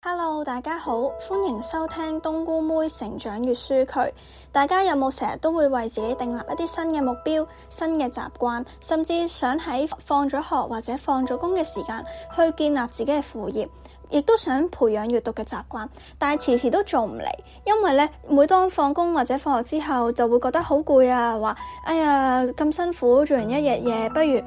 Hello，大家好，歡迎收聽冬菇妹成長閱書區。大家有冇成日都會為自己訂立一啲新嘅目標、新嘅習慣，甚至想喺放咗學或者放咗工嘅時間去建立自己嘅副業？亦都想培養閱讀嘅習慣，但係遲遲都做唔嚟，因為咧，每當放工或者放學之後，就會覺得好攰啊，話哎呀咁辛苦做完一日嘢，不如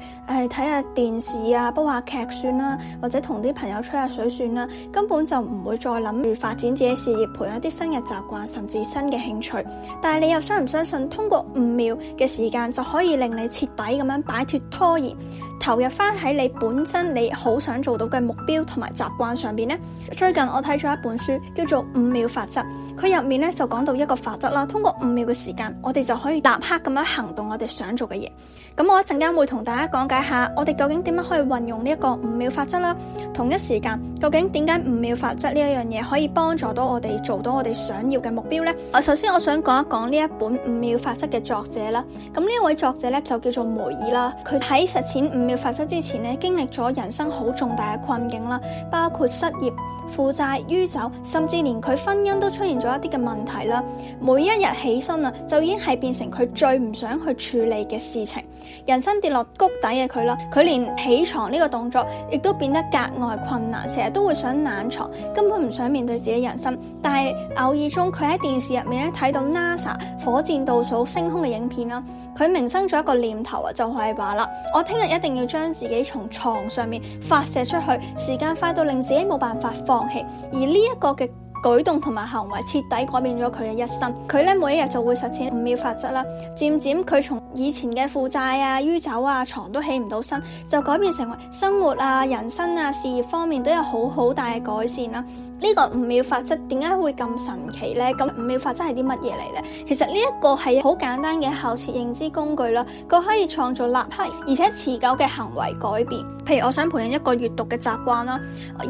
誒睇下電視啊，煲下劇算啦，或者同啲朋友吹下水算啦，根本就唔會再諗住發展自己事業，培養啲新嘅習慣，甚至新嘅興趣。但係你又相唔相信，通過五秒嘅時間就可以令你徹底咁樣擺脫拖延。投入翻喺你本身你好想做到嘅目標同埋習慣上邊呢，最近我睇咗一本書叫做《五秒法則》，佢入面咧就講到一個法則啦。通過五秒嘅時間，我哋就可以立刻咁樣行動，我哋想做嘅嘢。咁我一陣間會同大家講解下，我哋究竟點樣可以運用呢一個五秒法則啦。同一時間，究竟點解五秒法則呢一樣嘢可以幫助到我哋做到我哋想要嘅目標呢？啊，首先我想講一講呢一本《五秒法則》嘅作者啦。咁呢位作者咧就叫做梅爾啦，佢喺實踐五秒。發生之前咧，經歷咗人生好重大嘅困境啦，包括失業、負債、酗酒，甚至連佢婚姻都出現咗一啲嘅問題啦。每一日起身啊，就已經係變成佢最唔想去處理嘅事情。人生跌落谷底嘅佢啦，佢連起床呢個動作亦都變得格外困難，成日都會想懶床，根本唔想面對自己人生。但係偶爾中佢喺電視入面咧睇到 NASA 火箭倒數星空嘅影片啦，佢萌生咗一個念頭啊，就係話啦，我聽日一定要。將自己從床上面發射出去，時間快到令自己冇辦法放棄，而呢一個嘅舉動同埋行為徹底改變咗佢嘅一生。佢呢，每一日就會實踐五秒法則啦，漸漸佢從。以前嘅負債啊、酗酒啊、床都起唔到身，就改變成為生活啊、人生啊、事業方面都有好好大嘅改善啦、啊。呢、這個五秒法則點解會咁神奇呢？咁五秒法則係啲乜嘢嚟呢？其實呢一個係好簡單嘅後設認知工具啦、啊，佢可以創造立刻而且持久嘅行為改變。譬如我想培養一個閱讀嘅習慣啦，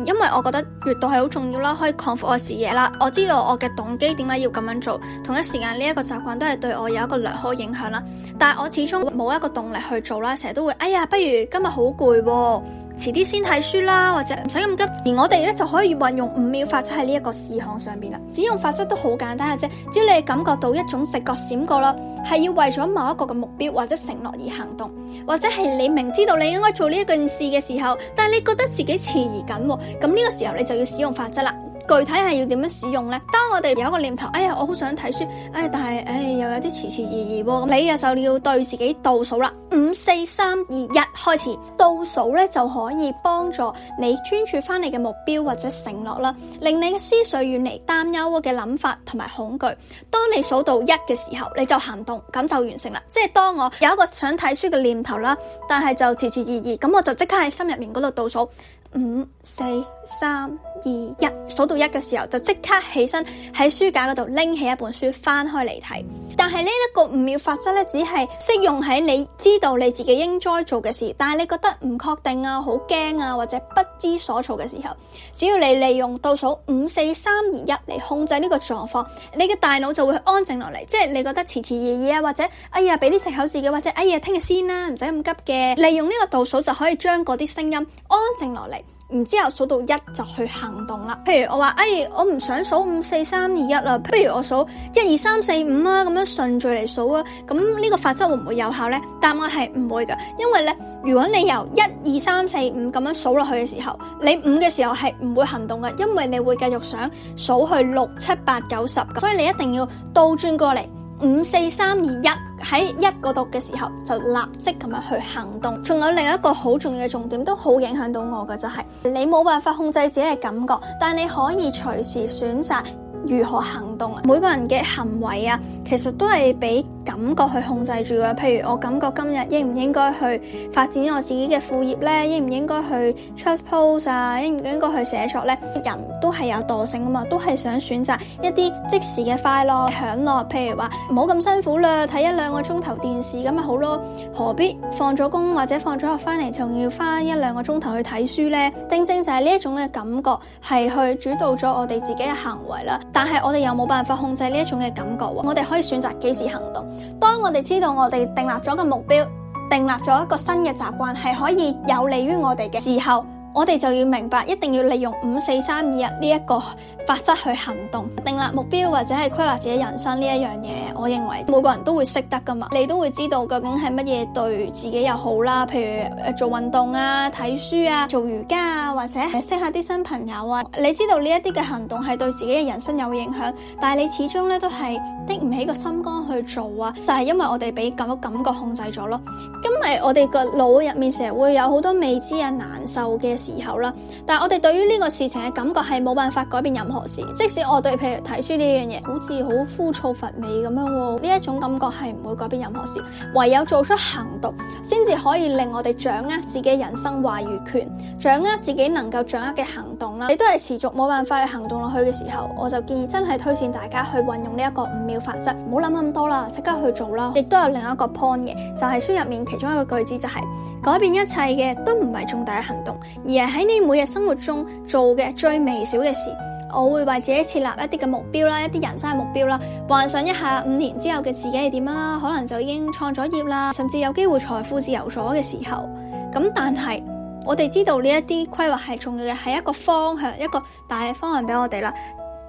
因為我覺得閱讀係好重要啦，可以擴闊我嘅視野啦。我知道我嘅動機點解要咁樣做，同一時間呢一個習慣都係對我有一個良好影響啦、啊。但我始終冇一個動力去做啦，成日都會哎呀，不如今日好攰，遲啲先睇書啦，或者唔使咁急。而我哋咧就可以運用五秒法則喺呢一個事項上邊啦。使用法則都好簡單嘅啫，只要你感覺到一種直覺閃過啦，係要為咗某一個嘅目標或者承諾而行動，或者係你明知道你應該做呢一件事嘅時候，但係你覺得自己遲疑緊，咁呢個時候你就要使用法則啦。具體係要點樣使用呢？當我哋有一個念頭，哎呀，我好想睇書，哎，但係，哎，又有啲遲遲疑疑，咁你又就要對自己倒數啦，五四三二一開始倒數咧，就可以幫助你專注翻你嘅目標或者承諾啦，令你嘅思緒遠離擔憂嘅諗法同埋恐懼。當你數到一嘅時候，你就行動，咁就完成啦。即係當我有一個想睇書嘅念頭啦，但係就遲遲疑疑，咁我就即刻喺心入面嗰度倒數。五四三二一，數到一嘅時候就即刻起身喺書架嗰度拎起一本書翻開嚟睇。但係呢一個五秒法則咧，只係適用喺你知道你自己應該做嘅事，但係你覺得唔確定啊、好驚啊或者不知所措嘅時候，只要你利用倒數五四三二一嚟控制呢個狀況，你嘅大腦就會安靜落嚟，即係你覺得遲遲疑疑啊，或者哎呀俾啲借口自己，或者哎呀聽日先啦、啊，唔使咁急嘅，利用呢個倒數就可以將嗰啲聲音安靜落嚟。然之後數到一就去行動啦。譬如我話，哎，我唔想數五四三二一啦，譬如我數一二三四五啊，咁樣順序嚟數啊。咁呢個法則會唔會有效呢？答案係唔會噶，因為呢，如果你由一二三四五咁樣數落去嘅時候，你五嘅時候係唔會行動噶，因為你會繼續想數去六七八九十。所以你一定要倒轉過嚟。五四三二一，喺一個度嘅時候就立即咁樣去行動。仲有另一個好重要嘅重點，都好影響到我嘅就係，你冇辦法控制自己嘅感覺，但你可以隨時選擇如何行動。每個人嘅行為啊，其實都係比。感覺去控制住嘅，譬如我感覺今日應唔應該去發展我自己嘅副業呢？應唔應該去 trust post 啊，應唔應該去寫作呢？人都係有惰性啊嘛，都係想選擇一啲即時嘅快樂享樂，譬如話冇咁辛苦啦，睇一兩個鐘頭電視咁咪好咯，何必放咗工或者放咗學返嚟仲要翻一兩個鐘頭去睇書呢？正正就係呢一種嘅感覺係去主導咗我哋自己嘅行為啦，但係我哋又冇辦法控制呢一種嘅感覺喎，我哋可以選擇幾時行動。當我哋知道我哋訂立咗個目標，訂立咗一個新嘅習慣，係可以有利於我哋嘅時候。我哋就要明白，一定要利用五四三二一呢一個法則去行動，定立目標或者係規劃自己人生呢一樣嘢。我認為每個人都會識得噶嘛，你都會知道究竟係乜嘢對自己又好啦，譬如做運動啊、睇書啊、做瑜伽啊，或者係識下啲新朋友啊。你知道呢一啲嘅行動係對自己嘅人生有影響，但係你始終咧都係拎唔起個心肝去做啊，就係、是、因為我哋俾咁嘅感覺控制咗咯。今日我哋個腦入面成日會有好多未知啊、難受嘅時候啦，但係我哋對於呢個事情嘅感覺係冇辦法改變任何事。即使我哋譬如睇書呢樣嘢，好似好枯燥乏味咁樣，呢一種感覺係唔會改變任何事。唯有做出行動，先至可以令我哋掌握自己人生話語權，掌握自己能夠掌握嘅行動啦。你都係持續冇辦法去行動落去嘅時候，我就建議真係推薦大家去運用呢一個五秒法則，唔好諗咁多啦，即刻去做啦。亦都有另一個 point 嘅，就係書入面其中一個句子就係：改變一切嘅都唔係重大嘅行動。而係喺你每日生活中做嘅最微小嘅事，我會為自己設立一啲嘅目標啦，一啲人生嘅目標啦，幻想一下五年之後嘅自己係點樣啦，可能就已經創咗業啦，甚至有機會財富自由咗嘅時候。咁但係我哋知道呢一啲規劃係重要嘅，係一個方向，一個大嘅方向俾我哋啦。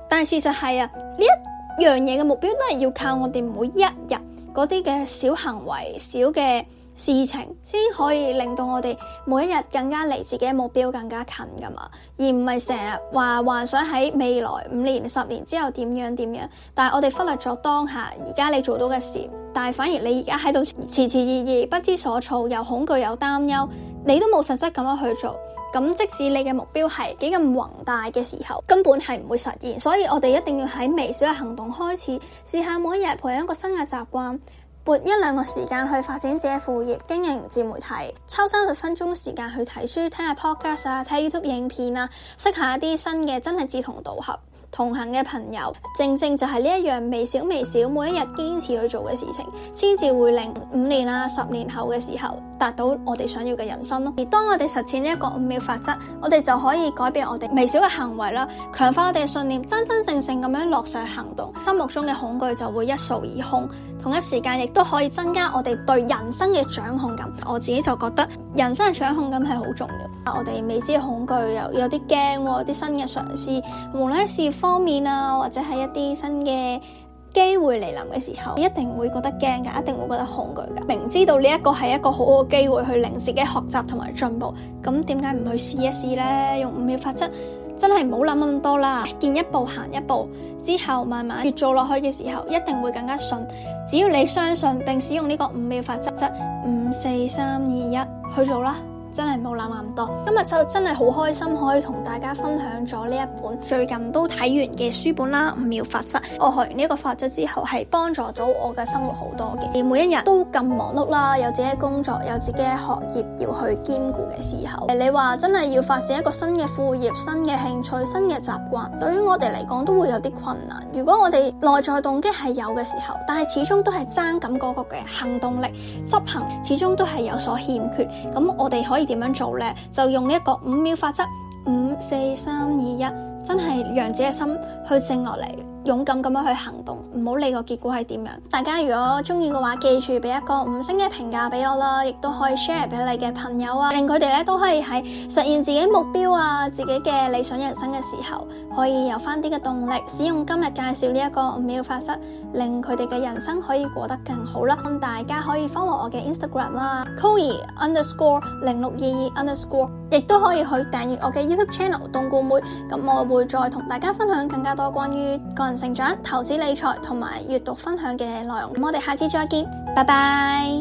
但係事實係啊，呢一樣嘢嘅目標都係要靠我哋每一日嗰啲嘅小行為、小嘅。事情先可以令到我哋每一日更加離自己嘅目標更加近噶嘛，而唔係成日話幻想喺未來五年、十年之後點樣點樣，但係我哋忽略咗當下而家你做到嘅事，但係反而你而家喺度遲遲疑疑不知所措，又恐懼又擔憂，你都冇實質咁樣去做，咁即使你嘅目標係幾咁宏大嘅時候，根本係唔會實現，所以我哋一定要喺微小嘅行動開始，試下每一日培養一個新嘅習慣。撥一兩個時間去發展自己副業，經營自媒體，抽三十分鐘時間去睇書、聽下 podcast 啊，睇 YouTube 影片啊，識下一啲新嘅，真係志同道合，同行嘅朋友，正正就係呢一樣微小微小，每一日堅持去做嘅事情，先至會令五年啊、十年後嘅時候，達到我哋想要嘅人生咯。而當我哋實踐呢一個五秒法則，我哋就可以改變我哋微小嘅行為啦，強化我哋嘅信念，真真正正咁樣落實行動，心目中嘅恐懼就會一掃而空。同一時間亦都可以增加我哋對人生嘅掌控感。我自己就覺得人生嘅掌控感係好重要。我哋未知嘅恐懼又有啲驚，啲新嘅嘗試無論係方面啊，或者係一啲新嘅機會嚟臨嘅時候，你一定會覺得驚嘅，一定會覺得恐懼嘅。明知道呢一個係一個好嘅機會，去令自己學習同埋進步，咁點解唔去試一試咧？用五秒法則，真係唔好諗咁多啦，見一步行一步，之後慢慢越做落去嘅時候，一定會更加順。只要你相信並使用呢個五秒法則，則五四三二一去做啦。真係冇諗咁多，今日就真係好開心可以同大家分享咗呢一本最近都睇完嘅書本啦《五秒法則》。我學完呢個法則之後，係幫助到我嘅生活好多嘅。而每一日都咁忙碌啦，有自己嘅工作，有自己嘅學業要去兼顧嘅時候，你話真係要發展一個新嘅副業、新嘅興趣、新嘅習慣，對於我哋嚟講都會有啲困難。如果我哋內在動機係有嘅時候，但係始終都係爭緊嗰個嘅行動力執行，始終都係有所欠缺。咁我哋可以。點樣做呢？就用呢一個五秒法則，五四三二一，真係讓自己嘅心去靜落嚟。勇敢咁樣去行動，唔好理個結果係點樣。大家如果中意嘅話，記住俾一個五星嘅評價俾我啦，亦都可以 share 俾你嘅朋友啊，令佢哋咧都可以喺實現自己目標啊、自己嘅理想人生嘅時候，可以有翻啲嘅動力。使用今日介紹呢一個五秒法則，令佢哋嘅人生可以過得更好啦。大家可以 follow 我嘅 Instagram 啦，Koey underscore 零六二二 underscore。亦都可以去訂閱我嘅 YouTube Channel 冬菇妹，咁我會再同大家分享更加多關於個人成長、投資理財同埋閱讀分享嘅內容。咁我哋下次再見，拜拜。